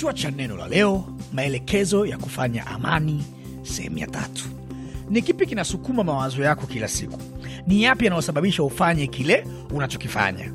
Kichwa cha neno la leo, maelekezo ya kufanya amani, sehemu ya tatu. Ni kipi kinasukuma mawazo yako kila siku? Ni yapi yanayosababisha ufanye kile unachokifanya?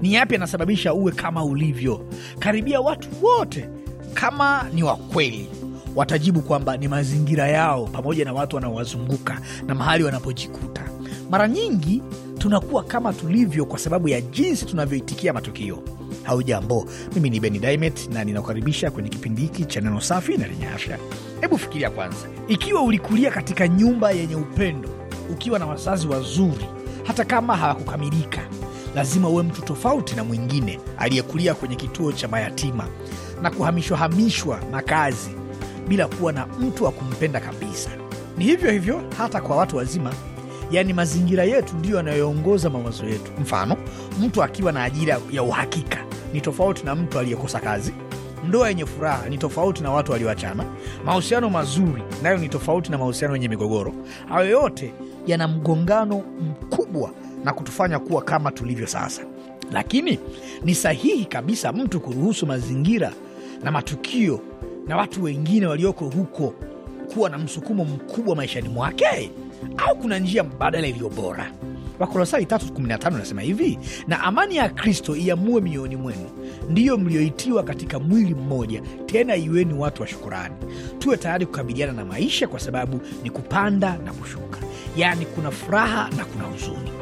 Ni yapi yanasababisha uwe kama ulivyo? Karibia watu wote, kama ni wakweli watajibu kwamba ni mazingira yao pamoja na watu wanaowazunguka na mahali wanapojikuta. Mara nyingi tunakuwa kama tulivyo kwa sababu ya jinsi tunavyoitikia matukio. Haujambo, mimi ni Beni Dimet na ninakukaribisha kwenye kipindi hiki cha neno safi na lenye afya. Hebu fikiria kwanza, ikiwa ulikulia katika nyumba yenye upendo, ukiwa na wazazi wazuri, hata kama hawakukamilika, lazima uwe mtu tofauti na mwingine aliyekulia kwenye kituo cha mayatima na kuhamishwa hamishwa makazi bila kuwa na mtu wa kumpenda kabisa. Ni hivyo hivyo hata kwa watu wazima. Yaani, mazingira yetu ndiyo yanayoongoza mawazo yetu. Mfano, mtu akiwa na ajira ya uhakika ni tofauti na mtu aliyekosa kazi. Ndoa yenye furaha ni tofauti na watu walioachana. Mahusiano mazuri nayo ni tofauti na mahusiano yenye migogoro. Hayo yote yana mgongano mkubwa na kutufanya kuwa kama tulivyo sasa, lakini ni sahihi kabisa mtu kuruhusu mazingira na matukio na watu wengine walioko huko kuwa na msukumo mkubwa maishani mwake, au kuna njia mbadala iliyo bora? Wakolosai 3:15 unasema hivi, na amani ya Kristo iamue mioyoni mwenu, ndiyo mlioitiwa katika mwili mmoja, tena iweni watu wa shukurani. Tuwe tayari kukabiliana na maisha, kwa sababu ni kupanda na kushuka, yaani kuna furaha na kuna huzuni,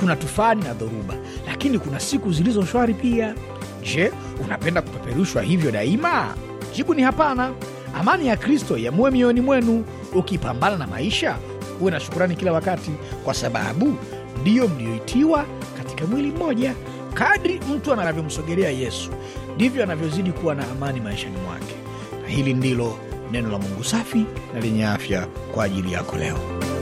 kuna tufani na dhoruba, lakini kuna siku zilizo shwari pia. Je, unapenda kupeperushwa hivyo daima? Jibu ni hapana. Amani ya Kristo iamue mioyoni mwenu. Ukipambana na maisha, uwe na shukurani kila wakati, kwa sababu ndiyo mliyoitiwa katika mwili mmoja. Kadri mtu anavyomsogelea Yesu, ndivyo anavyozidi kuwa na amani maishani mwake. Na hili ndilo neno la Mungu safi na lenye afya kwa ajili yako leo.